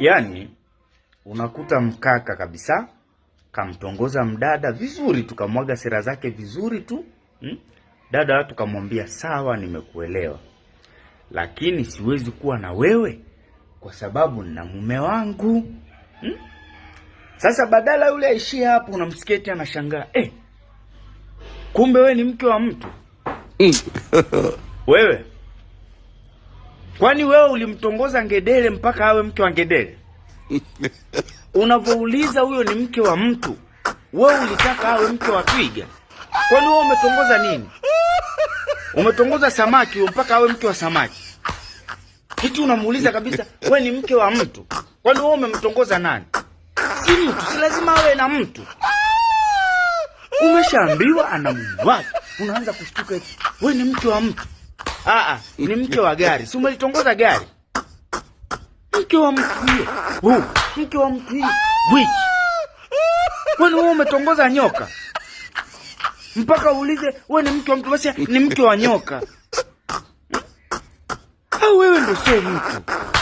yani unakuta mkaka kabisa kamtongoza mdada vizuri, tukamwaga sera zake vizuri tu hmm? Dada tukamwambia sawa, nimekuelewa, lakini siwezi kuwa na wewe kwa sababu na mume wangu hmm? Sasa badala yule aishie hapo, unamsikia eti anashangaa eh, kumbe wewe ni mke wa mtu wewe Kwani wewe ulimtongoza ngedele mpaka awe mke wa ngedele unavouliza huyo ni mke wa mtu, wewe ulitaka awe mke wa twiga. Kwani wewe umetongoza nini? Umetongoza samaki mpaka awe mke wa samaki. Kitu unamuuliza kabisa, wewe ni mke wa mtu, kwani wewe umemtongoza nani? Si mtu, si lazima awe na mtu. Umeshaambiwa ana mume unaanza kushtuka, wewe ni mke wa mtu. Ah, ah, ni mke wa gari. Si umelitongoza gari? Mke wa mtu huyo. Huu, mke wa mtu huyo. Which? Kwani wewe umetongoza nyoka? Mpaka uulize wewe ni mke wa mtu basi ni mke wa nyoka. Au ah, wewe ndio sio mtu.